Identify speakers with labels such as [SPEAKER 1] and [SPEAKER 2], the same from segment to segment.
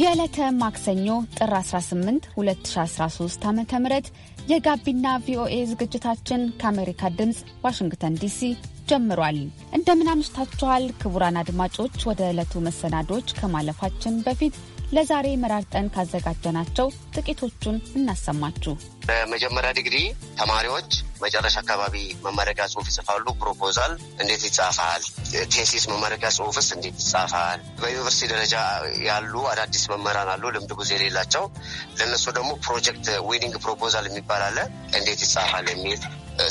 [SPEAKER 1] የዕለተ ማክሰኞ ጥር 18 2013 ዓ ም የጋቢና ቪኦኤ ዝግጅታችን ከአሜሪካ ድምፅ ዋሽንግተን ዲሲ ጀምሯል። እንደምን አምሽታችኋል ክቡራን አድማጮች። ወደ ዕለቱ መሰናዶች ከማለፋችን በፊት ለዛሬ መራርጠን ካዘጋጀናቸው ጥቂቶቹን እናሰማችሁ።
[SPEAKER 2] በመጀመሪያ ዲግሪ ተማሪዎች መጨረሻ አካባቢ መመረቂያ ጽሁፍ ይጽፋሉ። ፕሮፖዛል እንዴት ይጻፋል? ቴሲስ መመረቂያ ጽሁፍስ እንዴት ይጻፋል? በዩኒቨርሲቲ ደረጃ ያሉ አዳዲስ መምህራን አሉ፣ ልምድ ጉዞ የሌላቸው። ለእነሱ ደግሞ ፕሮጀክት ዊኒንግ ፕሮፖዛል የሚባል አለ፣ እንዴት ይጻፋል የሚል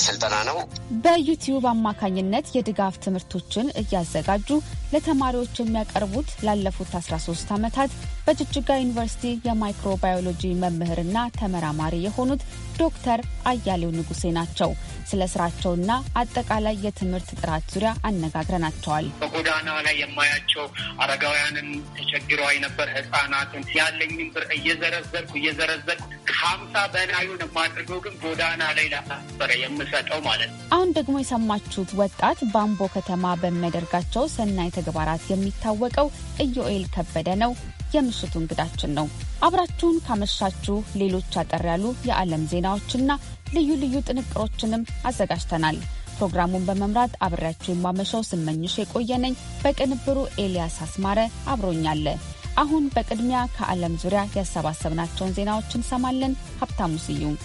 [SPEAKER 2] ስልጠና ነው።
[SPEAKER 1] በዩቲዩብ አማካኝነት የድጋፍ ትምህርቶችን እያዘጋጁ ለተማሪዎች የሚያቀርቡት ላለፉት 13 ዓመታት በጅጅጋ ዩኒቨርሲቲ የማይክሮባዮሎጂ መምህርና ተመራማሪ የሆኑት ዶክተር አያሌው ንጉሴ ናቸው። ስለ ስራቸውና አጠቃላይ የትምህርት ጥራት ዙሪያ አነጋግረናቸዋል።
[SPEAKER 3] በጎዳና ላይ የማያቸው አረጋውያንን፣ ተቸግረው ነበር፣ ህጻናትን ያለኝን ብር እየዘረዘርኩ እየዘረዘርኩ ከሀምሳ በላዩን የማድርገው ግን ጎዳና ላይ ላሳፈረ የምሰጠው ማለት ነው።
[SPEAKER 1] አሁን ደግሞ የሰማችሁት ወጣት በአምቦ ከተማ በሚያደርጋቸው ሰናይ ተግባራት የሚታወቀው ኢዮኤል ከበደ ነው። የምሽቱ እንግዳችን ነው። አብራችሁን ካመሻችሁ ሌሎች አጠር ያሉ የዓለም ዜናዎችና ልዩ ልዩ ጥንቅሮችንም አዘጋጅተናል። ፕሮግራሙን በመምራት አብሬያችሁ የማመሻው ስመኝሽ የቆየነኝ፣ በቅንብሩ ኤልያስ አስማረ አብሮኛለ። አሁን በቅድሚያ ከዓለም ዙሪያ ያሰባሰብናቸውን ዜናዎችን እንሰማለን። ሀብታሙ ስዩም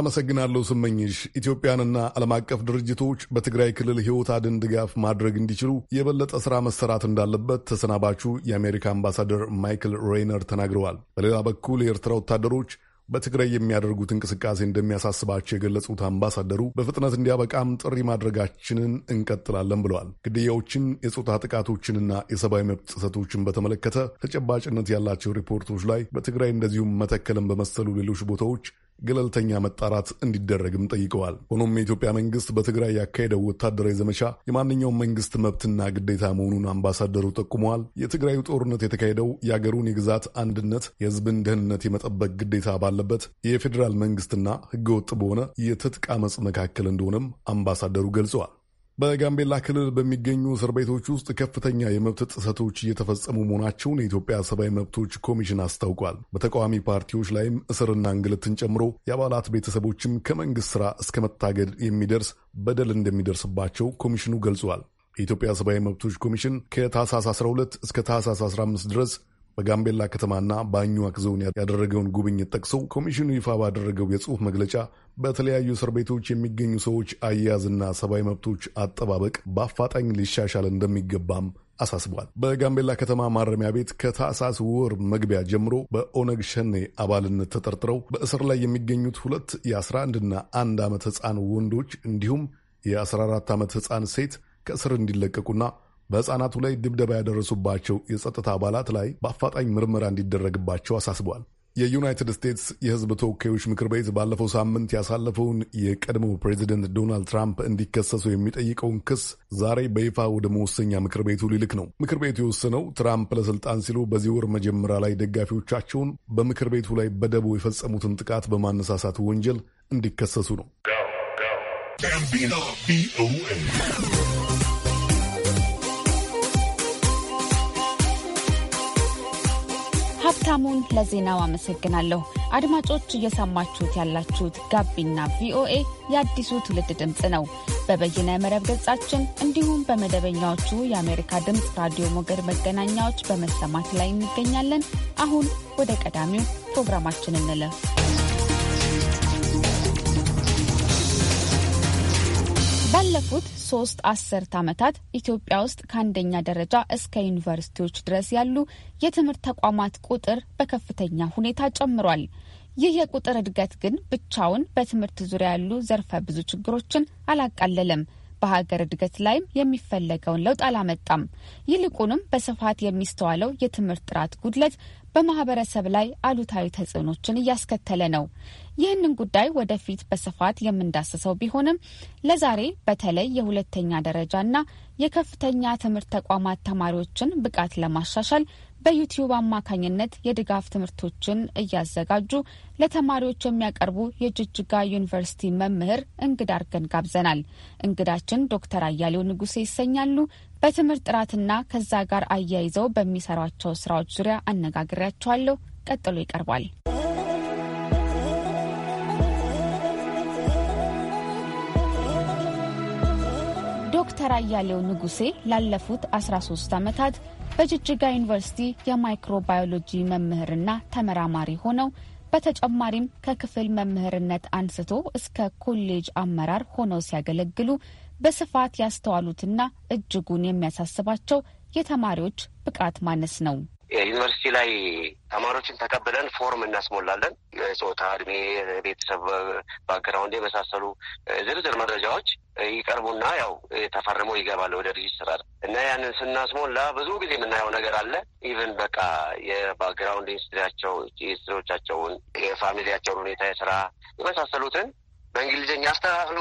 [SPEAKER 4] አመሰግናለሁ ስመኝሽ። ኢትዮጵያንና ዓለም አቀፍ ድርጅቶች በትግራይ ክልል ሕይወት አድን ድጋፍ ማድረግ እንዲችሉ የበለጠ ሥራ መሰራት እንዳለበት ተሰናባቹ የአሜሪካ አምባሳደር ማይክል ሬይነር ተናግረዋል። በሌላ በኩል የኤርትራ ወታደሮች በትግራይ የሚያደርጉት እንቅስቃሴ እንደሚያሳስባቸው የገለጹት አምባሳደሩ በፍጥነት እንዲያበቃም ጥሪ ማድረጋችንን እንቀጥላለን ብለዋል። ግድያዎችን፣ የጾታ ጥቃቶችንና የሰብአዊ መብት ጥሰቶችን በተመለከተ ተጨባጭነት ያላቸው ሪፖርቶች ላይ በትግራይ እንደዚሁም መተከልን በመሰሉ ሌሎች ቦታዎች ገለልተኛ መጣራት እንዲደረግም ጠይቀዋል። ሆኖም የኢትዮጵያ መንግስት በትግራይ ያካሄደው ወታደራዊ ዘመቻ የማንኛውም መንግስት መብትና ግዴታ መሆኑን አምባሳደሩ ጠቁመዋል። የትግራዩ ጦርነት የተካሄደው የአገሩን የግዛት አንድነት፣ የህዝብን ደህንነት የመጠበቅ ግዴታ ባለበት የፌዴራል መንግስትና ህገወጥ በሆነ የትጥቅ አመፅ መካከል እንደሆነም አምባሳደሩ ገልጸዋል። በጋምቤላ ክልል በሚገኙ እስር ቤቶች ውስጥ ከፍተኛ የመብት ጥሰቶች እየተፈጸሙ መሆናቸውን የኢትዮጵያ ሰብአዊ መብቶች ኮሚሽን አስታውቋል። በተቃዋሚ ፓርቲዎች ላይም እስርና እንግልትን ጨምሮ የአባላት ቤተሰቦችም ከመንግስት ስራ እስከ መታገድ የሚደርስ በደል እንደሚደርስባቸው ኮሚሽኑ ገልጿል። የኢትዮጵያ ሰብአዊ መብቶች ኮሚሽን ከታህሳስ 12 እስከ ታህሳስ 15 ድረስ በጋምቤላ ከተማና በአኙዋክ ዞን ያደረገውን ጉብኝት ጠቅሶ ኮሚሽኑ ይፋ ባደረገው የጽሑፍ መግለጫ በተለያዩ እስር ቤቶች የሚገኙ ሰዎች አያያዝና ሰብአዊ መብቶች አጠባበቅ በአፋጣኝ ሊሻሻል እንደሚገባም አሳስቧል። በጋምቤላ ከተማ ማረሚያ ቤት ከታህሳስ ወር መግቢያ ጀምሮ በኦነግ ሸኔ አባልነት ተጠርጥረው በእስር ላይ የሚገኙት ሁለት የ11ና አንድ ዓመት ሕፃን ወንዶች እንዲሁም የ14 ዓመት ሕፃን ሴት ከእስር እንዲለቀቁና በሕፃናቱ ላይ ድብደባ ያደረሱባቸው የጸጥታ አባላት ላይ በአፋጣኝ ምርመራ እንዲደረግባቸው አሳስቧል። የዩናይትድ ስቴትስ የሕዝብ ተወካዮች ምክር ቤት ባለፈው ሳምንት ያሳለፈውን የቀድሞ ፕሬዚደንት ዶናልድ ትራምፕ እንዲከሰሱ የሚጠይቀውን ክስ ዛሬ በይፋ ወደ መወሰኛ ምክር ቤቱ ሊልክ ነው። ምክር ቤቱ የወሰነው ትራምፕ ለስልጣን ሲሉ በዚህ ወር መጀመሪያ ላይ ደጋፊዎቻቸውን በምክር ቤቱ ላይ በደቦ የፈጸሙትን ጥቃት በማነሳሳት ወንጀል እንዲከሰሱ ነው።
[SPEAKER 1] ሀብታሙን ለዜናው አመሰግናለሁ። አድማጮች እየሰማችሁት ያላችሁት ጋቢና ቪኦኤ የአዲሱ ትውልድ ድምፅ ነው። በበይነ መረብ ገጻችን እንዲሁም በመደበኛዎቹ የአሜሪካ ድምፅ ራዲዮ ሞገድ መገናኛዎች በመሰማት ላይ እንገኛለን። አሁን ወደ ቀዳሚው ፕሮግራማችን እንለፍ። ላለፉት ሶስት አስርት ዓመታት ኢትዮጵያ ውስጥ ከአንደኛ ደረጃ እስከ ዩኒቨርሲቲዎች ድረስ ያሉ የትምህርት ተቋማት ቁጥር በከፍተኛ ሁኔታ ጨምሯል። ይህ የቁጥር እድገት ግን ብቻውን በትምህርት ዙሪያ ያሉ ዘርፈ ብዙ ችግሮችን አላቃለለም። በሀገር እድገት ላይም የሚፈለገውን ለውጥ አላመጣም። ይልቁንም በስፋት የሚስተዋለው የትምህርት ጥራት ጉድለት በማህበረሰብ ላይ አሉታዊ ተጽዕኖችን እያስከተለ ነው። ይህንን ጉዳይ ወደፊት በስፋት የምንዳስሰው ቢሆንም ለዛሬ በተለይ የሁለተኛ ደረጃና የከፍተኛ ትምህርት ተቋማት ተማሪዎችን ብቃት ለማሻሻል በዩቲዩብ አማካኝነት የድጋፍ ትምህርቶችን እያዘጋጁ ለተማሪዎች የሚያቀርቡ የጅጅጋ ዩኒቨርሲቲ መምህር እንግዳ አርገን ጋብዘናል። እንግዳችን ዶክተር አያሌው ንጉሴ ይሰኛሉ። በትምህርት ጥራትና ከዛ ጋር አያይዘው በሚሰሯቸው ስራዎች ዙሪያ አነጋግሬያቸዋለሁ። ቀጥሎ ይቀርባል። ዶክተር አያሌው ንጉሴ ላለፉት 13 ዓመታት በጅጅጋ ዩኒቨርሲቲ የማይክሮባዮሎጂ መምህርና ተመራማሪ ሆነው በተጨማሪም ከክፍል መምህርነት አንስቶ እስከ ኮሌጅ አመራር ሆነው ሲያገለግሉ በስፋት ያስተዋሉትና እጅጉን የሚያሳስባቸው የተማሪዎች ብቃት ማነስ ነው።
[SPEAKER 2] ዩኒቨርሲቲ ላይ ተማሪዎችን ተቀብለን ፎርም እናስሞላለን። ጾታ፣ እድሜ፣ ቤተሰብ ባክግራውንድ የመሳሰሉ ዝርዝር መረጃዎች ይቀርቡና ያው ተፈርሞ ይገባል ወደ ሬጅስትራር እና ያንን ስናስሞላ ብዙ ጊዜ የምናየው ነገር አለ። ኢቨን በቃ የባክግራውንድ ኢንስትሪያቸው ኢንስትሪዎቻቸውን፣ የፋሚሊያቸውን ሁኔታ፣ የስራ የመሳሰሉትን በእንግሊዝኛ አስተካክሎ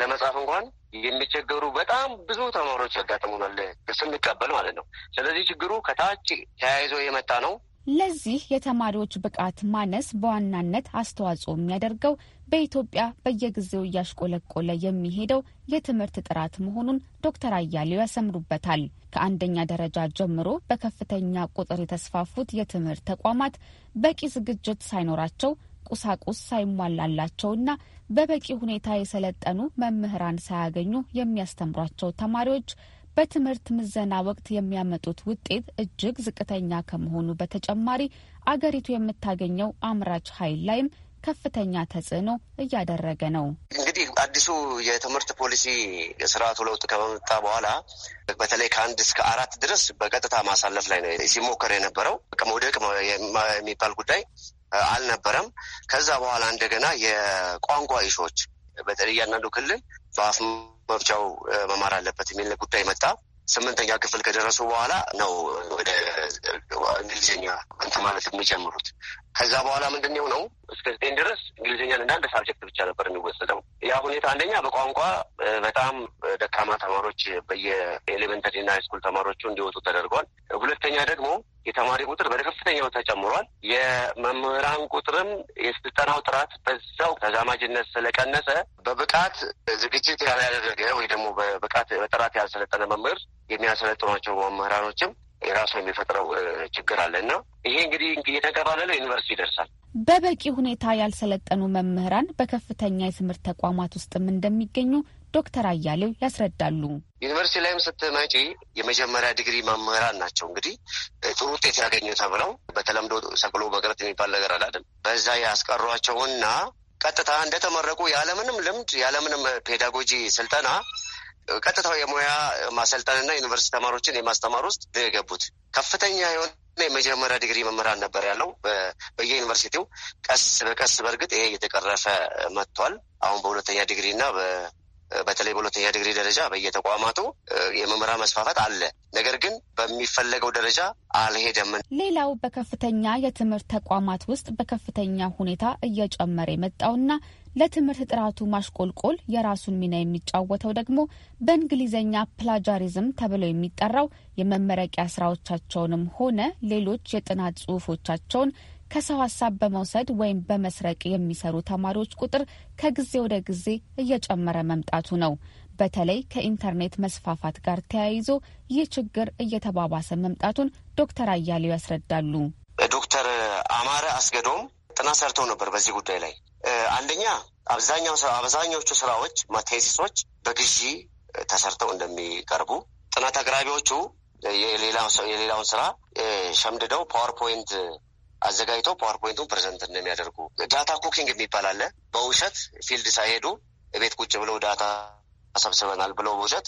[SPEAKER 2] ለመጻፍ እንኳን የሚቸገሩ በጣም ብዙ ተማሪዎች ያጋጥሙናል ስንቀበል ማለት ነው። ስለዚህ ችግሩ ከታች ተያይዞ የመጣ ነው።
[SPEAKER 1] ለዚህ የተማሪዎች ብቃት ማነስ በዋናነት አስተዋጽኦ የሚያደርገው በኢትዮጵያ በየጊዜው እያሽቆለቆለ የሚሄደው የትምህርት ጥራት መሆኑን ዶክተር አያሌው ያሰምሩበታል። ከአንደኛ ደረጃ ጀምሮ በከፍተኛ ቁጥር የተስፋፉት የትምህርት ተቋማት በቂ ዝግጅት ሳይኖራቸው ቁሳቁስ ሳይሟላላቸውና በበቂ ሁኔታ የሰለጠኑ መምህራን ሳያገኙ የሚያስተምሯቸው ተማሪዎች በትምህርት ምዘና ወቅት የሚያመጡት ውጤት እጅግ ዝቅተኛ ከመሆኑ በተጨማሪ አገሪቱ የምታገኘው አምራች ኃይል ላይም ከፍተኛ ተጽዕኖ እያደረገ ነው።
[SPEAKER 2] እንግዲህ አዲሱ የትምህርት ፖሊሲ ስርዓቱ ለውጥ ከመጣ በኋላ በተለይ ከአንድ እስከ አራት ድረስ በቀጥታ ማሳለፍ ላይ ነው ሲሞከር የነበረው። ከመውደቅ የሚባል ጉዳይ አልነበረም። ከዛ በኋላ እንደገና የቋንቋ ይሾች በተለይ እያንዳንዱ ክልል በአፍ መፍቻው መማር አለበት የሚል ጉዳይ መጣ። ስምንተኛ ክፍል ከደረሱ በኋላ ነው ወደ እንግሊዝኛ እንትን ማለት የሚጀምሩት። ከዛ በኋላ ምንድን ነው እስከ ዘጠኝ ድረስ እንግሊዝኛን እንዳንድ ሳብጀክት ብቻ ነበር የሚወሰደው። ያ ሁኔታ አንደኛ በቋንቋ በጣም ደካማ ተማሪዎች በየኤሌመንተሪ እና ሃይስኩል ተማሪዎቹ እንዲወጡ ተደርጓል። ሁለተኛ ደግሞ የተማሪ ቁጥር በከፍተኛው ተጨምሯል። የመምህራን ቁጥርም የስልጠናው ጥራት በዛው ተዛማጅነት ስለቀነሰ በብቃት ዝግጅት ያላደረገ ወይ ደግሞ በብቃት በጥራት ያልሰለጠነ መምህር የሚያሰለጥኗቸው መምህራኖችም የራሱ የሚፈጥረው ችግር አለ እና ይሄ እንግዲህ እየተንከባለለ ዩኒቨርሲቲ ይደርሳል።
[SPEAKER 1] በበቂ ሁኔታ ያልሰለጠኑ መምህራን በከፍተኛ የትምህርት ተቋማት ውስጥም እንደሚገኙ ዶክተር አያሌው ያስረዳሉ።
[SPEAKER 2] ዩኒቨርሲቲ ላይም ስትመጪ የመጀመሪያ ዲግሪ መምህራን ናቸው እንግዲህ ጥሩ ውጤት ያገኙ ተብለው በተለምዶ ሰቅሎ መቅረት የሚባል ነገር አላለም። በዛ ያስቀሯቸውና ቀጥታ እንደተመረቁ ያለምንም ልምድ ያለምንም ፔዳጎጂ ስልጠና ቀጥታው የሙያ ማሰልጠንና ዩኒቨርሲቲ ተማሪዎችን የማስተማር ውስጥ የገቡት ከፍተኛ የሆነ የመጀመሪያ ዲግሪ መምህራን ነበር ያለው በየዩኒቨርሲቲው። ቀስ በቀስ በእርግጥ ይሄ እየተቀረፈ መጥቷል። አሁን በሁለተኛ ዲግሪ እና በተለይ በሁለተኛ ዲግሪ ደረጃ በየተቋማቱ የመምህራን መስፋፋት አለ። ነገር ግን በሚፈለገው ደረጃ አልሄደም።
[SPEAKER 1] ሌላው በከፍተኛ የትምህርት ተቋማት ውስጥ በከፍተኛ ሁኔታ እየጨመረ የመጣውና ለትምህርት ጥራቱ ማሽቆልቆል የራሱን ሚና የሚጫወተው ደግሞ በእንግሊዝኛ ፕላጃሪዝም ተብሎ የሚጠራው የመመረቂያ ስራዎቻቸውንም ሆነ ሌሎች የጥናት ጽሁፎቻቸውን ከሰው ሀሳብ በመውሰድ ወይም በመስረቅ የሚሰሩ ተማሪዎች ቁጥር ከጊዜ ወደ ጊዜ እየጨመረ መምጣቱ ነው። በተለይ ከኢንተርኔት መስፋፋት ጋር ተያይዞ ይህ ችግር እየተባባሰ መምጣቱን ዶክተር አያሌው ያስረዳሉ።
[SPEAKER 2] ዶክተር አማረ አስገዶም ጥናት ሰርተው ነበር በዚህ ጉዳይ ላይ አንደኛ አብዛኛው አብዛኛዎቹ ስራዎች ቴሲሶች በግዢ ተሰርተው እንደሚቀርቡ ጥናት አቅራቢዎቹ የሌላውን ስራ ሸምድደው ፓወርፖይንት አዘጋጅተው ፓወርፖይንቱን ፕሬዘንት እንደሚያደርጉ ዳታ ኩኪንግ የሚባል አለ። በውሸት ፊልድ ሳይሄዱ ቤት ቁጭ ብለው ዳታ ተሰብስበናል ብለው ውሸት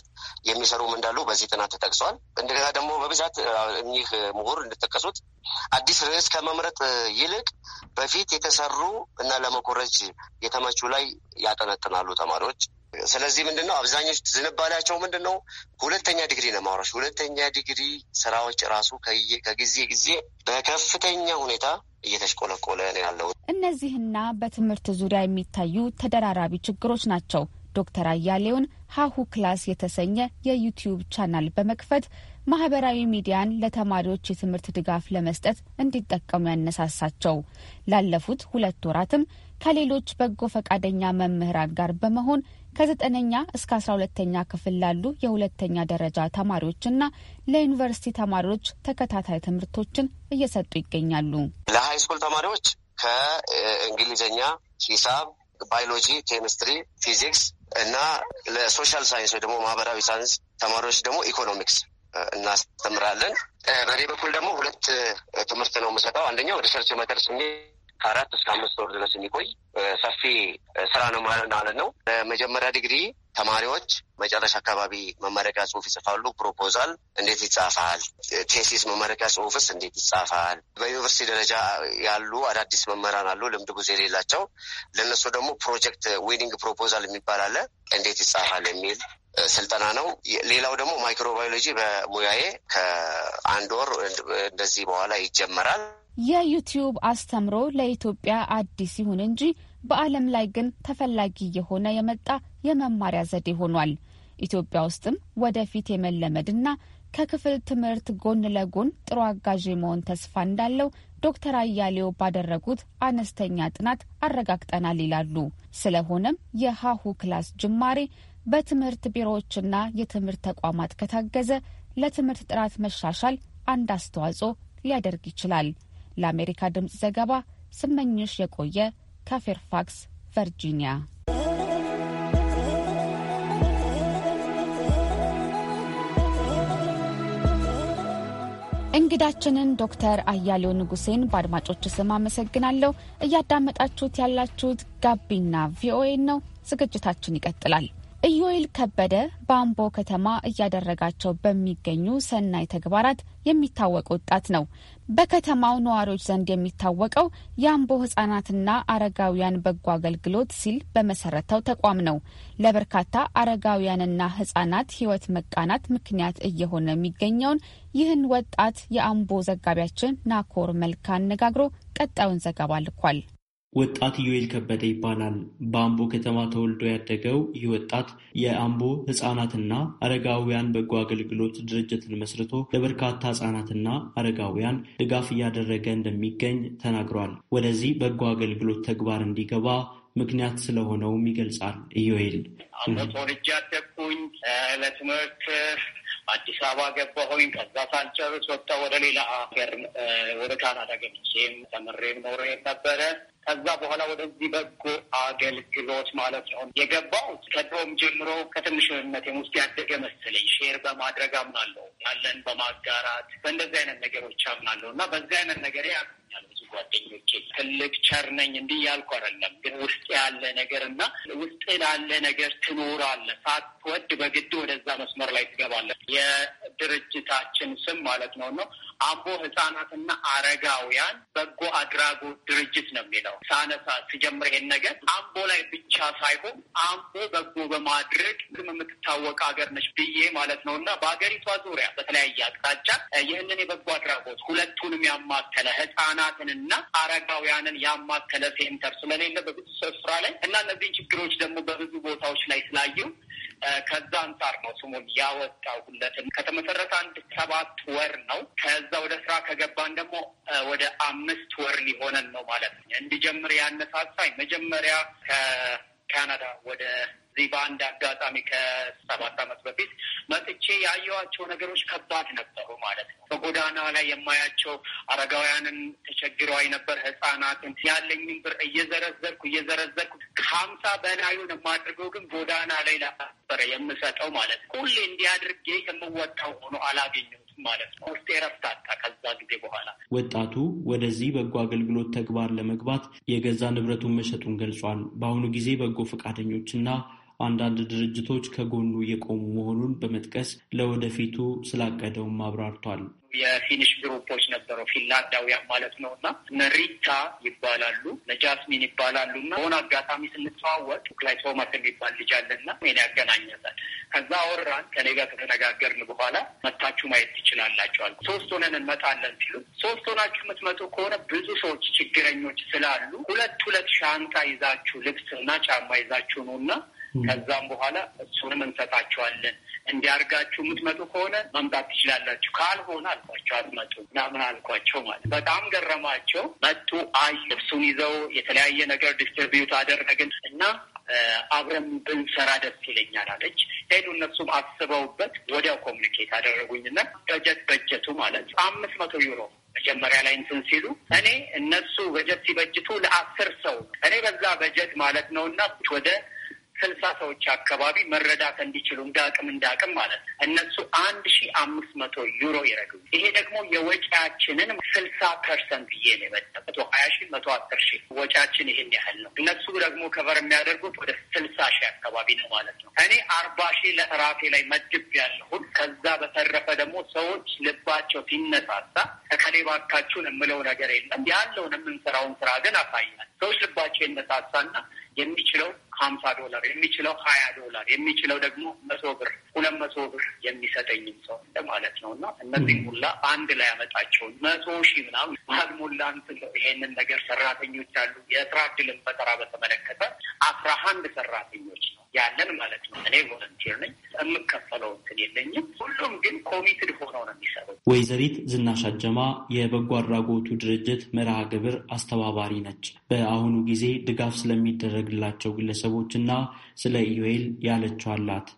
[SPEAKER 2] የሚሰሩም እንዳሉ በዚህ ጥናት ተጠቅሰዋል። እንደገና ደግሞ በብዛት እኚህ ምሁር እንደጠቀሱት አዲስ ርዕስ ከመምረጥ ይልቅ በፊት የተሰሩ እና ለመኮረጅ የተመቹ ላይ ያጠነጥናሉ ተማሪዎች። ስለዚህ ምንድን ነው አብዛኞች ዝንባሌያቸው ምንድን ነው? ሁለተኛ ዲግሪ ነው ማውራሽ። ሁለተኛ ዲግሪ ስራዎች ራሱ ከጊዜ ጊዜ በከፍተኛ ሁኔታ እየተሽቆለቆለ ነው
[SPEAKER 1] ያለው። እነዚህና በትምህርት ዙሪያ የሚታዩ ተደራራቢ ችግሮች ናቸው ዶክተር አያሌውን ሀሁ ክላስ የተሰኘ የዩቲዩብ ቻናል በመክፈት ማህበራዊ ሚዲያን ለተማሪዎች የትምህርት ድጋፍ ለመስጠት እንዲጠቀሙ ያነሳሳቸው ላለፉት ሁለት ወራትም ከሌሎች በጎ ፈቃደኛ መምህራን ጋር በመሆን ከዘጠነኛ እስከ አስራ ሁለተኛ ክፍል ላሉ የሁለተኛ ደረጃ ተማሪዎችና ለዩኒቨርሲቲ ተማሪዎች ተከታታይ ትምህርቶችን እየሰጡ ይገኛሉ።
[SPEAKER 2] ስኩል ተማሪዎች ከእንግሊዝኛ፣ ሂሳብ ባዮሎጂ፣ ኬሚስትሪ፣ ፊዚክስ እና ለሶሻል ሳይንስ ወይ ደግሞ ማህበራዊ ሳይንስ ተማሪዎች ደግሞ ኢኮኖሚክስ እናስተምራለን። በእኔ በኩል ደግሞ ሁለት ትምህርት ነው የምሰጠው። አንደኛው ሪሰርች ሜተድስ የሚል ከአራት እስከ አምስት ወር ድረስ የሚቆይ ሰፊ ስራ ነው ማለት ነው። መጀመሪያ ዲግሪ ተማሪዎች መጨረሻ አካባቢ መመረቂያ ጽሁፍ ይጽፋሉ። ፕሮፖዛል እንዴት ይጻፋል? ቴሲስ መመረቂያ ጽሁፍስ እንዴት ይጻፋል? በዩኒቨርሲቲ ደረጃ ያሉ አዳዲስ መምህራን አሉ፣ ልምድ ጉዞ የሌላቸው። ለእነሱ ደግሞ ፕሮጀክት ዊኒንግ ፕሮፖዛል የሚባል አለ፣ እንዴት ይጻፋል የሚል ስልጠና ነው። ሌላው ደግሞ ማይክሮባዮሎጂ በሙያዬ ከአንድ ወር እንደዚህ በኋላ ይጀመራል።
[SPEAKER 1] የዩቲዩብ አስተምሮ ለኢትዮጵያ አዲስ ይሁን እንጂ በዓለም ላይ ግን ተፈላጊ የሆነ የመጣ የመማሪያ ዘዴ ሆኗል። ኢትዮጵያ ውስጥም ወደፊት የመለመድና ከክፍል ትምህርት ጎን ለጎን ጥሩ አጋዥ መሆን ተስፋ እንዳለው ዶክተር አያሌው ባደረጉት አነስተኛ ጥናት አረጋግጠናል ይላሉ። ስለሆነም የሀሁ ክላስ ጅማሬ በትምህርት ቢሮዎችና የትምህርት ተቋማት ከታገዘ ለትምህርት ጥራት መሻሻል አንድ አስተዋጽኦ ሊያደርግ ይችላል። ለአሜሪካ ድምፅ ዘገባ ስመኝሽ የቆየ ከፌርፋክስ ቨርጂኒያ። እንግዳችንን ዶክተር አያሌው ንጉሴን በአድማጮች ስም አመሰግናለሁ። እያዳመጣችሁት ያላችሁት ጋቢና ቪኦኤ ነው። ዝግጅታችን ይቀጥላል። ኢዮኤል ከበደ በአምቦ ከተማ እያደረጋቸው በሚገኙ ሰናይ ተግባራት የሚታወቅ ወጣት ነው። በከተማው ነዋሪዎች ዘንድ የሚታወቀው የአምቦ ህጻናትና አረጋውያን በጎ አገልግሎት ሲል በመሰረተው ተቋም ነው። ለበርካታ አረጋውያንና ህጻናት ህይወት መቃናት ምክንያት እየሆነ የሚገኘውን ይህን ወጣት የአምቦ ዘጋቢያችን ናኮር መልካ አነጋግሮ ቀጣዩን ዘገባ ልኳል።
[SPEAKER 5] ወጣት ዩኤል ከበደ ይባላል። በአምቦ ከተማ ተወልዶ ያደገው ይህ ወጣት የአምቦ ህፃናትና አረጋውያን በጎ አገልግሎት ድርጅትን መስርቶ ለበርካታ ህፃናትና አረጋውያን ድጋፍ እያደረገ እንደሚገኝ ተናግሯል። ወደዚህ በጎ አገልግሎት ተግባር እንዲገባ ምክንያት ስለሆነውም ይገልጻል። ኢዮኤል
[SPEAKER 3] አምቦ ተወልጄ ለትምህርት አዲስ አበባ ገባሁኝ። ከዛ ሳልጨርስ ወጣ ወደ ሌላ ሀገር ወደ ካናዳ ገብቼም ተምሬም ኖሬም ነበረ ከዛ በኋላ ወደዚህ በጎ አገልግሎት ማለት ነው የገባው። ከድሮም ጀምሮ ከትንሽነቴም ውስጥ ያደገ መሰለኝ። ሼር በማድረግ አምናለሁ፣ ያለን በማጋራት በእንደዚህ አይነት ነገሮች አምናለሁ እና በዚህ አይነት ነገር ያገኛል ብዙ ጓደኞቼ። ትልቅ ቸር ነኝ እንዲህ እያልኩ አይደለም፣ ግን ውስጥ ያለ ነገር እና ውስጥ ላለ ነገር ትኖራለህ። ሳትወድ በግድ ወደዛ መስመር ላይ ትገባለህ። ድርጅታችን ስም ማለት ነው ነው አምቦ ህጻናትና አረጋውያን በጎ አድራጎት ድርጅት ነው የሚለው ሳነሳ ሲጀምር ይሄን ነገር አምቦ ላይ ብቻ ሳይሆን አምቦ በጎ በማድረግ የምትታወቅ ሀገር ነች ብዬ ማለት ነው እና በሀገሪቷ ዙሪያ በተለያየ አቅጣጫ ይህንን የበጎ አድራጎት ሁለቱንም ያማከለ ህጻናትንና አረጋውያንን ያማከለ ሴንተር ስለሌለ በብዙ ስፍራ ላይ እና እነዚህን ችግሮች ደግሞ በብዙ ቦታዎች ላይ ስላየው ከዛ አንጻር ነው ስሙን ያወጣው። ሁለትም ከተመሰረተ አንድ ሰባት ወር ነው። ከዛ ወደ ስራ ከገባን ደግሞ ወደ አምስት ወር ሊሆነን ነው ማለት ነው። እንዲጀምር ያነሳሳኝ መጀመሪያ ካናዳ ወደዚህ በአንድ አጋጣሚ ከሰባት ዓመት በፊት መጥቼ ያየኋቸው ነገሮች ከባድ ነበሩ ማለት ነው። በጎዳና ላይ የማያቸው አረጋውያንን ተቸግረዋይ ነበር፣ ህጻናትን ያለኝን ብር እየዘረዘርኩ እየዘረዘርኩ ከሀምሳ በላዩን የማድርገው ግን ጎዳና ላይ ነበረ የምሰጠው ማለት ነው። ሁሌ እንዲያድርጌ የምወጣው ሆኖ አላገኘሁም። ማለት ነው። ውስጤ እረፍት ከዛ
[SPEAKER 5] ጊዜ በኋላ ወጣቱ ወደዚህ በጎ አገልግሎት ተግባር ለመግባት የገዛ ንብረቱን መሸጡን ገልጿል። በአሁኑ ጊዜ በጎ ፈቃደኞችና አንዳንድ ድርጅቶች ከጎኑ የቆሙ መሆኑን በመጥቀስ ለወደፊቱ ስላቀደውም አብራርቷል።
[SPEAKER 3] የፊኒሽ ግሩፖች ነበረው ፊንላንዳውያን ማለት ነው። እና ነሪታ ይባላሉ፣ ነጃስሚን ይባላሉ። እና በሆነ አጋጣሚ ስንተዋወቅ ላይ ቶማስ የሚባል ልጅ አለና ኔ ያገናኘታል። ከዛ አወራን። ከኔ ጋር ከተነጋገርን በኋላ መታችሁ ማየት ትችላላቸዋል። ሶስት ሆነን እንመጣለን ሲሉ ሶስት ሆናችሁ የምትመጡ ከሆነ ብዙ ሰዎች ችግረኞች ስላሉ ሁለት ሁለት ሻንጣ ይዛችሁ ልብስ እና ጫማ ይዛችሁ ነው እና ከዛም በኋላ እሱንም እንሰጣቸዋለን እንዲያርጋችሁ የምትመጡ ከሆነ መምጣት ትችላላችሁ፣ ካልሆነ አልኳቸው አትመጡ ምናምን አልኳቸው። ማለት በጣም ገረማቸው። መጡ፣ አይ ልብሱን ይዘው የተለያየ ነገር ዲስትሪቢዩት አደረግን እና አብረን ብንሰራ ደስ ይለኛል አለች። ሄዱ እነሱም አስበውበት ወዲያው ኮሚኒኬት አደረጉኝና በጀት በጀቱ ማለት አምስት መቶ ዩሮ መጀመሪያ ላይ እንትን ሲሉ እኔ እነሱ በጀት ሲበጅቱ ለአስር ሰው እኔ በዛ በጀት ማለት ነው እና ወደ ስልሳ ሰዎች አካባቢ መረዳት እንዲችሉ እንደ አቅም እንደ አቅም ማለት ነው። እነሱ አንድ ሺ አምስት መቶ ዩሮ ይረዱ። ይሄ ደግሞ የወጪያችንን ስልሳ ፐርሰንት ብዬ ነው የመጣው። መቶ ሀያ ሺ መቶ አስር ሺ ወጪያችን ይህን ያህል ነው። እነሱ ደግሞ ከበር የሚያደርጉት ወደ ስልሳ ሺ አካባቢ ነው ማለት ነው። እኔ አርባ ሺ ለራሴ ላይ መድብ ያለሁት ከዛ በተረፈ ደግሞ ሰዎች ልባቸው ሲነሳሳ ከከሌ ባካችሁን የምለው ነገር የለም ያለውን የምንሰራውን ስራ ግን አሳያል። ሰዎች ልባቸው ይነሳሳና የሚችለው ሀምሳ ዶላር የሚችለው ሀያ ዶላር የሚችለው ደግሞ መቶ ብር ሁለት መቶ ብር የሚሰጠኝም ሰው ማለት ነው። እና እነዚህ ሙላ አንድ ላይ ያመጣቸውን መቶ ሺህ ምናምን ባልሞላ እንትን ነው። ይሄንን ነገር ሰራተኞች አሉ። የስራ እድልን ፈጠራ በተመለከተ አስራ አንድ ሰራተኞች ነው ያለን ማለት ነው። እኔ ቮለንቲር ነኝ፣ የምከፈለው እንትን የለኝም። ሁሉም ግን ኮሚትድ ሆነው ነው የሚሰሩት።
[SPEAKER 5] ወይዘሪት ዝናሻጀማ የበጎ አድራጎቱ ድርጅት መርሃ ግብር አስተባባሪ ነች። በአሁኑ ጊዜ ድጋፍ ስለሚደረግላቸው ግለሰቦች እና ስለ ኢዩኤል ያለችው አላት።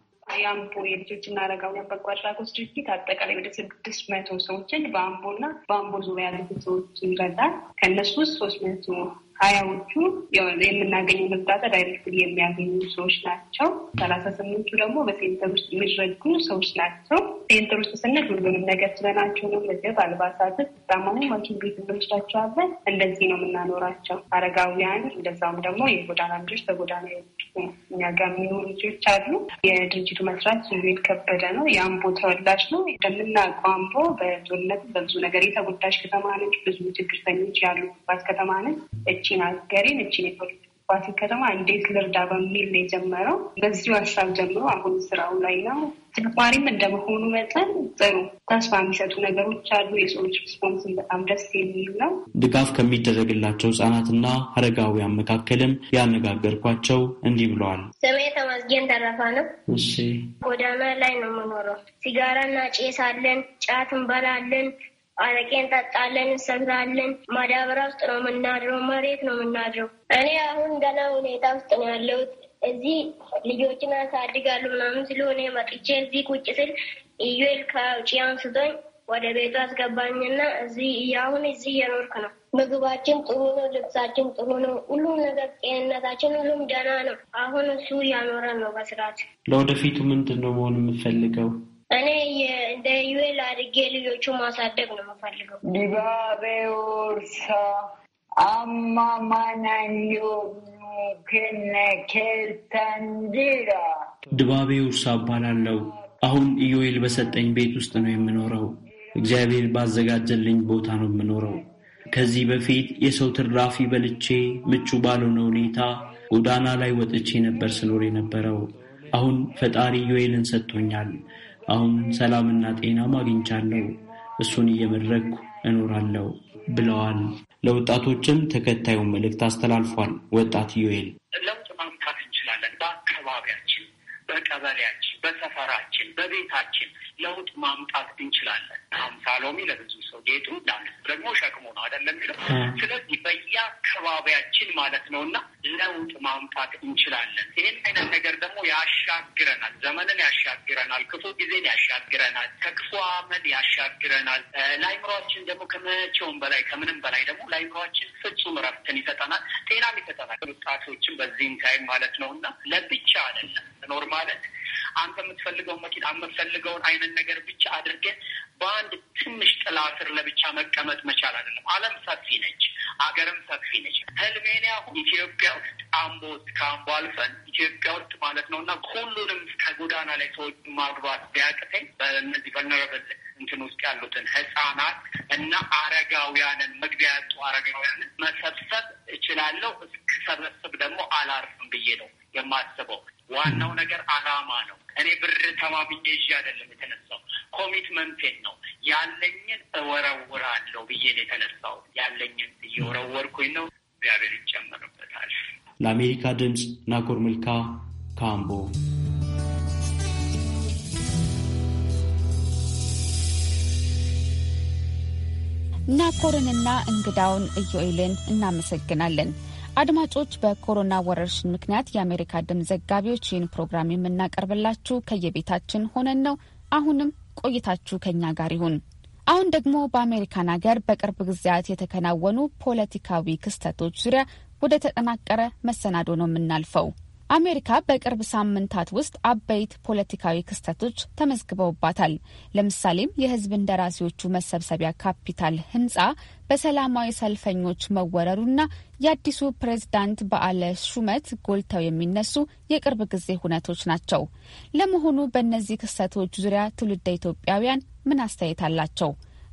[SPEAKER 1] የአምቦ የልጆች እና አረጋውያን በጎ አድራጎት ድርጅት አጠቃላይ ወደ ስድስት መቶ ሰዎችን በአምቦና በአምቦ ዙሪያ ያሉት ሰዎች ይረዳል። ከእነሱ ውስጥ ሶስት መቶ ሀያዎቹ የምናገኘው መርዳታ ዳይሬክትሊ የሚያገኙ ሰዎች ናቸው። ሰላሳ ስምንቱ ደግሞ በሴንተር ውስጥ የሚረዱ ሰዎች ናቸው። ሴንተር ስንል ሁሉንም ነገር ችለናቸው ነው። ምግብ፣ አልባሳት፣ ጣማሙ ማኪን ቤት እንወስዳቸዋለን። እንደዚህ ነው የምናኖራቸው። አረጋውያን እንደዛውም ደግሞ የጎዳና ልጆች በጎዳና እኛ ጋር የሚኖሩ ልጆች አሉ። የድርጅቱ መስራት ዙቤል ከበደ ነው። የአምቦ ተወላጅ ነው። እንደምናውቀው አምቦ በጦርነት በብዙ ነገር የተጎዳች ከተማ ነች። ብዙ ችግርተኞች ያሉባት ከተማ ነች። እቺን አገሬን እቺን የፖለቲ ባቲ ከተማ እንዴት ልርዳ በሚል ነው የጀመረው። በዚሁ ሀሳብ ጀምሮ አሁን ስራው ላይ ነው። ተማሪም እንደመሆኑ መጠን ጥሩ ተስፋ የሚሰጡ ነገሮች አሉ። የሰዎች ሪስፖንስን በጣም ደስ የሚል ነው።
[SPEAKER 5] ድጋፍ ከሚደረግላቸው ህጻናትና አረጋውያን መካከልም ያነጋገርኳቸው እንዲህ ብለዋል።
[SPEAKER 6] ስሜ ተመስገን ተረፋ ነው።
[SPEAKER 5] እሺ፣ ጎዳና ላይ ነው የምኖረው። ሲጋራና ጭስ አለን፣ ጫት እንበላለን አረቄን እንጠጣለን፣ እንሰክራለን። ማዳበሪያ ውስጥ ነው የምናድረው፣ መሬት ነው የምናድረው። እኔ አሁን ገና ሁኔታ ውስጥ ነው ያለሁት። እዚህ ልጆችን አሳድጋሉ ምናምን ስለሆነ መጥቼ እዚህ ቁጭ ስል እዩል ከውጭ አንስቶኝ ወደ ቤቱ አስገባኝና እዚህ እያሁን እዚህ እየኖርክ ነው። ምግባችን ጥሩ ነው፣ ልብሳችን ጥሩ ነው፣ ሁሉም ነገር ጤንነታችን፣ ሁሉም ደህና ነው። አሁን እሱ እያኖረን ነው በስርዓት። ለወደፊቱ ምንድን ነው መሆን የምፈልገው? እኔ እንደ ዩኤል አድርጌ ልጆቹ ማሳደግ ነው የምፈልገው።
[SPEAKER 3] ዲባቤ አማማናዮኑ ከነ ኬልተንዲራ
[SPEAKER 5] ድባቤ ውርሳ እባላለሁ። አሁን ኢዮኤል በሰጠኝ ቤት ውስጥ ነው የምኖረው። እግዚአብሔር ባዘጋጀልኝ ቦታ ነው የምኖረው። ከዚህ በፊት የሰው ትራፊ በልቼ ምቹ ባልሆነ ሁኔታ ጎዳና ላይ ወጥቼ ነበር ስኖር የነበረው። አሁን ፈጣሪ ኢዮኤልን ሰጥቶኛል። አሁን ሰላምና ጤናም አግኝቻለሁ፣ እሱን እየመድረኩ እኖራለሁ ብለዋል። ለወጣቶችም ተከታዩን መልእክት አስተላልፏል። ወጣት ዩኤል ለውጥ ማምጣት እንችላለን።
[SPEAKER 3] በአካባቢያችን፣ በቀበሌያችን፣ በሰፈራችን፣ በቤታችን ለውጥ ማምጣት እንችላለን። አምሳ ሎሚ ለብዙ ሰው ጌጡ ደግሞ ሸክሞ ነው አይደለም የሚለው። ስለዚህ በየአካባቢያችን ማለት ነው እና ለውጥ ማምጣት እንችላለን። ይህን አይነት ነገር ደግሞ ያሻግረናል፣ ዘመንን ያሻግረናል፣ ክፉ ጊዜን ያሻግረናል፣ ከክፉ አመድ ያሻግረናል። ለአይምሯችን ደግሞ ከመቼውም በላይ ከምንም በላይ ደግሞ ለአይምሯችን ፍጹም ረፍትን ይሰጠናል፣ ጤናም ይሰጠናል። ወጣቶችን በዚህም ታይም ማለት ነው እና ለብቻ አይደለም መኖር ማለት አንተ የምትፈልገውን መኪና የምትፈልገውን አይነት ነገር ብቻ አድርገህ በአንድ ትንሽ ጥላ ስር ለብቻ መቀመጥ መቻል አይደለም። ዓለም ሰፊ ነች፣ አገርም ሰፊ ነች። ህልሜን ኢትዮጵያ ውስጥ አምቦ ከአምቦ አልፈን ኢትዮጵያ ውስጥ ማለት ነው እና ሁሉንም ከጎዳና ላይ ሰዎች ማግባት ቢያቅተኝ በእነዚህ በነረበል እንትን ውስጥ ያሉትን ህጻናት እና አረጋውያንን መግቢያ ያጡ አረጋውያንን መሰብሰብ እችላለሁ። እስክሰበስብ ደግሞ አላርፍም ብዬ ነው የማስበው። ዋናው ነገር አላማ ነው። እኔ ብር ተማምኜ ይዤ አይደለም የተነሳው፣ ኮሚትመንቴን ነው ያለኝን እወረውራለሁ ብዬ ነው የተነሳው። ያለኝን እየወረወርኩኝ ነው። እግዚአብሔር ይጨምርበታል።
[SPEAKER 5] ለአሜሪካ ድምፅ ናኮር ምልካ ካምቦ
[SPEAKER 1] ናኮርንና እንግዳውን ኢዮኤልን እናመሰግናለን። አድማጮች በኮሮና ወረርሽኝ ምክንያት የአሜሪካ ድምፅ ዘጋቢዎች ይህን ፕሮግራም የምናቀርብላችሁ ከየቤታችን ሆነን ነው። አሁንም ቆይታችሁ ከኛ ጋር ይሁን። አሁን ደግሞ በአሜሪካን ሀገር በቅርብ ጊዜያት የተከናወኑ ፖለቲካዊ ክስተቶች ዙሪያ ወደ ተጠናቀረ መሰናዶ ነው የምናልፈው። አሜሪካ በቅርብ ሳምንታት ውስጥ አበይት ፖለቲካዊ ክስተቶች ተመዝግበውባታል። ለምሳሌም የህዝብ እንደራሴዎቹ መሰብሰቢያ ካፒታል ህንጻ በሰላማዊ ሰልፈኞች መወረሩና የአዲሱ ፕሬዝዳንት በዓለ ሹመት ጎልተው የሚነሱ የቅርብ ጊዜ ሁነቶች ናቸው። ለመሆኑ በእነዚህ ክስተቶች ዙሪያ ትውልደ ኢትዮጵያውያን ምን አስተያየት አላቸው?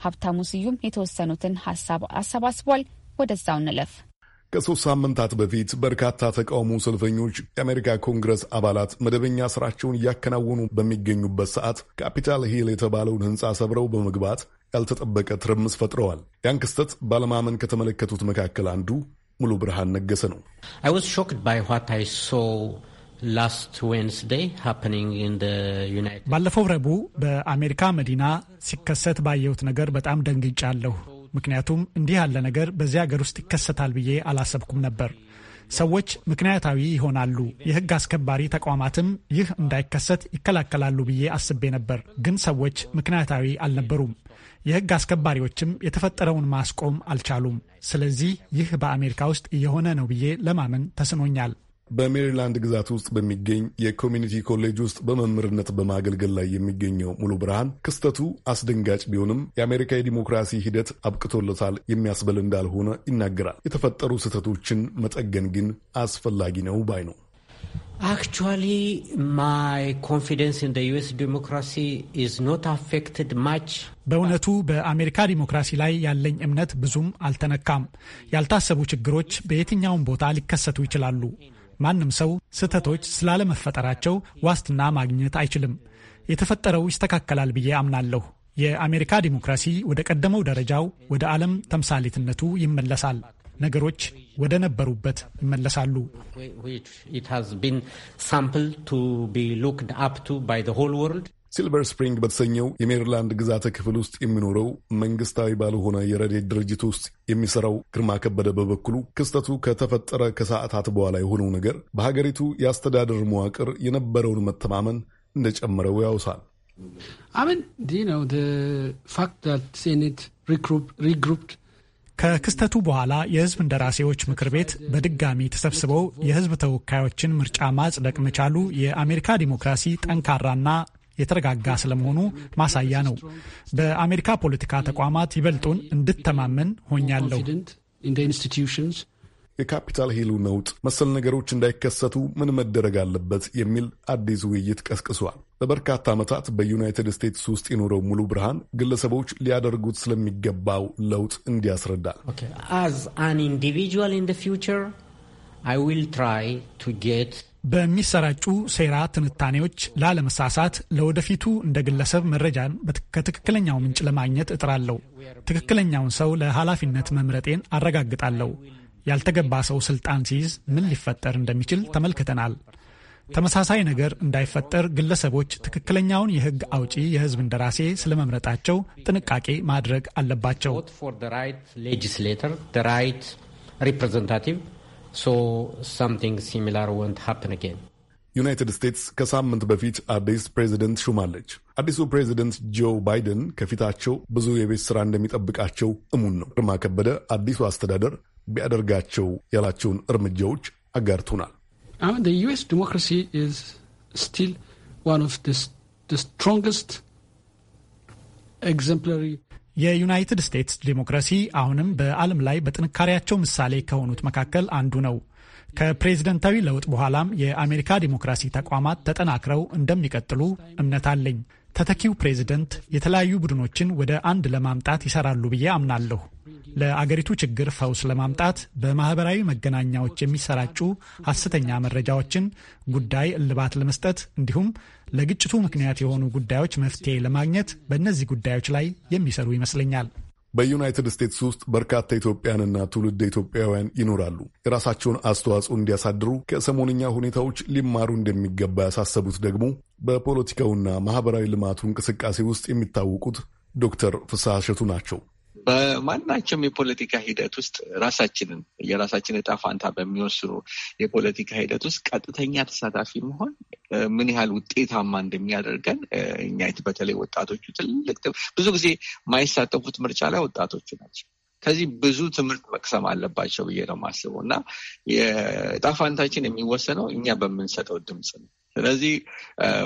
[SPEAKER 1] ሀብታሙ ስዩም የተወሰኑትን ሀሳብ አሰባስቧል። ወደዛው እንለፍ።
[SPEAKER 4] ከሶስት ሳምንታት በፊት በርካታ ተቃውሞ ሰልፈኞች የአሜሪካ ኮንግረስ አባላት መደበኛ ስራቸውን እያከናወኑ በሚገኙበት ሰዓት ካፒታል ሂል የተባለውን ህንፃ ሰብረው በመግባት ያልተጠበቀ ትርምስ ፈጥረዋል። ያን ክስተት ባለማመን ከተመለከቱት መካከል አንዱ ሙሉ ብርሃን ነገሰ ነው።
[SPEAKER 7] ባለፈው ረቡዕ በአሜሪካ መዲና ሲከሰት ባየሁት ነገር በጣም ደንግጫለሁ። ምክንያቱም እንዲህ ያለ ነገር በዚህ ሀገር ውስጥ ይከሰታል ብዬ አላሰብኩም ነበር። ሰዎች ምክንያታዊ ይሆናሉ፣ የህግ አስከባሪ ተቋማትም ይህ እንዳይከሰት ይከላከላሉ ብዬ አስቤ ነበር። ግን ሰዎች ምክንያታዊ አልነበሩም። የህግ አስከባሪዎችም የተፈጠረውን ማስቆም አልቻሉም። ስለዚህ ይህ በአሜሪካ ውስጥ እየሆነ ነው ብዬ ለማመን ተስኖኛል።
[SPEAKER 4] በሜሪላንድ ግዛት ውስጥ በሚገኝ የኮሚኒቲ ኮሌጅ ውስጥ በመምህርነት በማገልገል ላይ የሚገኘው ሙሉ ብርሃን ክስተቱ አስደንጋጭ ቢሆንም የአሜሪካ የዲሞክራሲ ሂደት አብቅቶለታል የሚያስበል እንዳልሆነ ይናገራል። የተፈጠሩ ስህተቶችን መጠገን ግን አስፈላጊ ነው ባይ ነው።
[SPEAKER 5] አክቹዋሊ ማይ ኮንፊደንስ ኢን ዲሞክራሲ ኢዝ ኖት አፌክትድ ማች
[SPEAKER 7] በእውነቱ በአሜሪካ ዲሞክራሲ ላይ ያለኝ እምነት ብዙም አልተነካም። ያልታሰቡ ችግሮች በየትኛውም ቦታ ሊከሰቱ ይችላሉ። ማንም ሰው ስህተቶች ስላለመፈጠራቸው ዋስትና ማግኘት አይችልም። የተፈጠረው ይስተካከላል ብዬ አምናለሁ። የአሜሪካ ዲሞክራሲ ወደ ቀደመው ደረጃው፣ ወደ ዓለም ተምሳሌትነቱ ይመለሳል። ነገሮች ወደ ነበሩበት ይመለሳሉ።
[SPEAKER 4] ሲልቨር ስፕሪንግ በተሰኘው የሜሪላንድ ግዛተ ክፍል ውስጥ የሚኖረው መንግስታዊ ባልሆነ የረዴት ድርጅት ውስጥ የሚሰራው ግርማ ከበደ በበኩሉ ክስተቱ ከተፈጠረ ከሰዓታት በኋላ የሆነው ነገር በሀገሪቱ የአስተዳደር መዋቅር የነበረውን መተማመን እንደጨመረው ያውሳል።
[SPEAKER 7] ከክስተቱ በኋላ የህዝብ እንደራሴዎች ምክር ቤት በድጋሚ ተሰብስበው የህዝብ ተወካዮችን ምርጫ ማጽደቅ መቻሉ የአሜሪካ ዲሞክራሲ ጠንካራና የተረጋጋ ስለመሆኑ ማሳያ ነው። በአሜሪካ ፖለቲካ ተቋማት ይበልጡን እንድተማመን ሆኛለሁ።
[SPEAKER 4] የካፒታል ሂሉ ነውጥ መሰል ነገሮች እንዳይከሰቱ ምን መደረግ አለበት የሚል አዲስ ውይይት ቀስቅሷል። ለበርካታ ዓመታት በዩናይትድ ስቴትስ ውስጥ የኖረው ሙሉ ብርሃን ግለሰቦች ሊያደርጉት ስለሚገባው ለውጥ እንዲያስረዳል።
[SPEAKER 7] አዝ አን ኢንዲቪጁዋል ኢን ፊውቸር አይ ዊል ትራይ ቱ ጌት በሚሰራጩ ሴራ ትንታኔዎች ላለመሳሳት ለወደፊቱ እንደ ግለሰብ መረጃን ከትክክለኛው ምንጭ ለማግኘት እጥራለሁ። ትክክለኛውን ሰው ለኃላፊነት መምረጤን አረጋግጣለሁ። ያልተገባ ሰው ስልጣን ሲይዝ ምን ሊፈጠር እንደሚችል ተመልክተናል። ተመሳሳይ ነገር እንዳይፈጠር ግለሰቦች ትክክለኛውን የሕግ አውጪ የሕዝብ እንደራሴ ስለመምረጣቸው ጥንቃቄ ማድረግ አለባቸው።
[SPEAKER 4] So something similar won't happen again. ዩናይትድ ስቴትስ ከሳምንት በፊት አዲስ ፕሬዚደንት ሹማለች። አዲሱ ፕሬዚደንት ጆ ባይደን ከፊታቸው ብዙ የቤት ስራ እንደሚጠብቃቸው እሙን ነው። ግርማ ከበደ አዲሱ አስተዳደር ቢያደርጋቸው ያላቸውን እርምጃዎች አጋርቱናል።
[SPEAKER 7] ዩኤስ ዲሞክራሲ ስቲል ዋን ኦፍ ስትሮንግስት ኤግዘምፕላሪ የዩናይትድ ስቴትስ ዲሞክራሲ አሁንም በዓለም ላይ በጥንካሬያቸው ምሳሌ ከሆኑት መካከል አንዱ ነው። ከፕሬዝደንታዊ ለውጥ በኋላም የአሜሪካ ዲሞክራሲ ተቋማት ተጠናክረው እንደሚቀጥሉ እምነት አለኝ። ተተኪው ፕሬዝደንት የተለያዩ ቡድኖችን ወደ አንድ ለማምጣት ይሰራሉ ብዬ አምናለሁ። ለአገሪቱ ችግር ፈውስ ለማምጣት በማህበራዊ መገናኛዎች የሚሰራጩ ሐሰተኛ መረጃዎችን ጉዳይ እልባት ለመስጠት እንዲሁም ለግጭቱ ምክንያት የሆኑ ጉዳዮች መፍትሄ ለማግኘት በእነዚህ ጉዳዮች ላይ የሚሰሩ ይመስለኛል።
[SPEAKER 4] በዩናይትድ ስቴትስ ውስጥ በርካታ ኢትዮጵያንና ትውልድ ኢትዮጵያውያን ይኖራሉ። የራሳቸውን አስተዋጽኦ እንዲያሳድሩ ከሰሞንኛ ሁኔታዎች ሊማሩ እንደሚገባ ያሳሰቡት ደግሞ በፖለቲካውና ማህበራዊ ልማቱ እንቅስቃሴ ውስጥ የሚታወቁት ዶክተር ፍስሐ እሸቱ ናቸው።
[SPEAKER 6] በማናቸውም የፖለቲካ ሂደት ውስጥ ራሳችንን የራሳችንን እጣ ፋንታ በሚወስኑ የፖለቲካ ሂደት ውስጥ ቀጥተኛ ተሳታፊ መሆን ምን ያህል ውጤታማ እንደሚያደርገን እኛ በተለይ ወጣቶቹ ትልቅ ብዙ ጊዜ ማይሳተፉት ምርጫ ላይ ወጣቶቹ ናቸው። ከዚህ ብዙ ትምህርት መቅሰም አለባቸው ብዬ ነው የማስበው እና የእጣ ፋንታችን የሚወሰነው እኛ በምንሰጠው ድምፅ ነው። ስለዚህ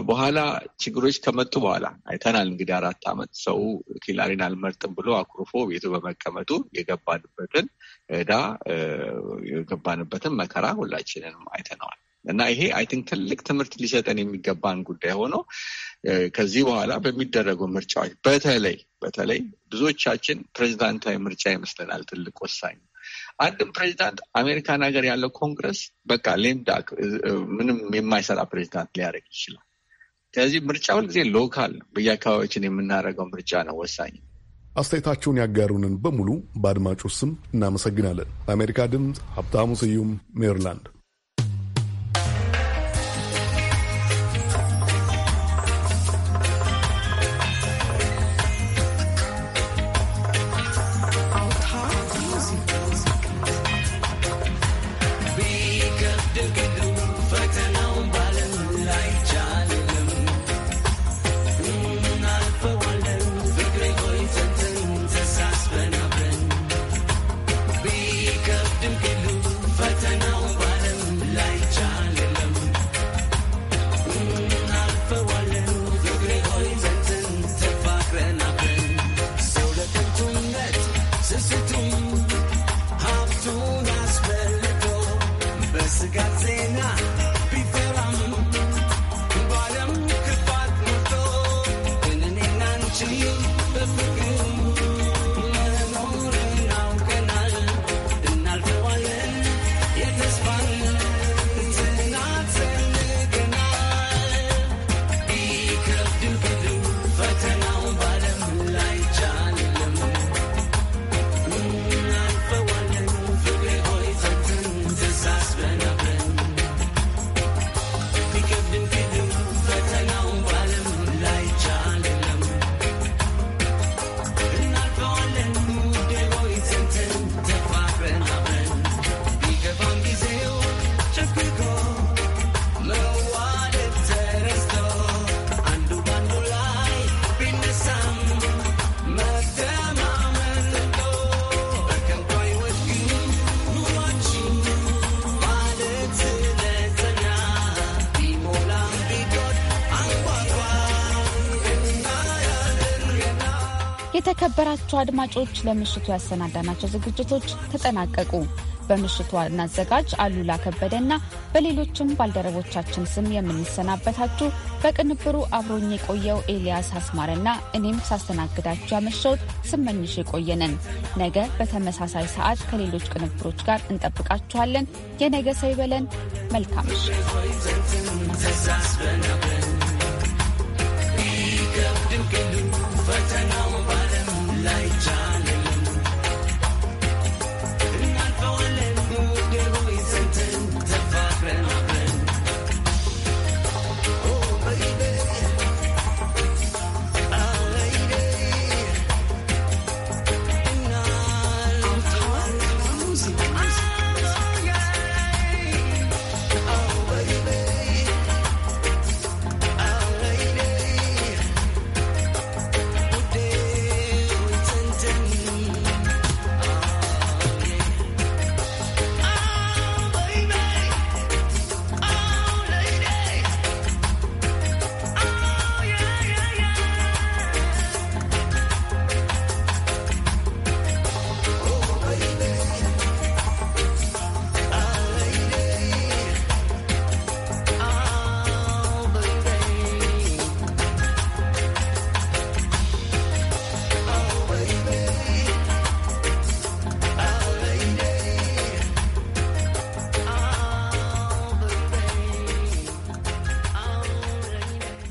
[SPEAKER 6] በኋላ ችግሮች ከመጡ በኋላ አይተናል። እንግዲህ አራት ዓመት ሰው ኪላሪን አልመርጥም ብሎ አኩርፎ ቤቱ በመቀመጡ የገባንበትን እዳ የገባንበትን መከራ ሁላችንንም አይተነዋል። እና ይሄ አይ ቲንክ ትልቅ ትምህርት ሊሰጠን የሚገባን ጉዳይ ሆኖ ከዚህ በኋላ በሚደረጉ ምርጫዎች በተለይ በተለይ ብዙዎቻችን ፕሬዚዳንታዊ ምርጫ ይመስለናል ትልቅ ወሳኝ አንድም ፕሬዚዳንት አሜሪካን ሀገር ያለው ኮንግረስ በቃ ሌምዳክ ምንም የማይሰራ ፕሬዚዳንት ሊያደርግ ይችላል። ስለዚህ ምርጫ ሁልጊዜ ሎካል በየአካባቢዎችን የምናደርገው ምርጫ ነው ወሳኝ።
[SPEAKER 4] አስተያየታቸውን ያጋሩንን በሙሉ በአድማጮች ስም እናመሰግናለን። ለአሜሪካ ድምፅ ሀብታሙ ስዩም ሜሪላንድ
[SPEAKER 1] የተከበራችሁ አድማጮች ለምሽቱ ያሰናዳናቸው ዝግጅቶች ተጠናቀቁ። በምሽቱ እናዘጋጅ አሉላ ከበደና በሌሎችም ባልደረቦቻችን ስም የምንሰናበታችሁ በቅንብሩ አብሮኝ የቆየው ኤልያስ አስማረና እኔም ሳስተናግዳችሁ ያመሸሁት ስመኝሽ የቆየንን ነገ በተመሳሳይ ሰዓት ከሌሎች ቅንብሮች ጋር እንጠብቃችኋለን። የነገ ሰው ይበለን። መልካም
[SPEAKER 6] ምሽት። like Johnny.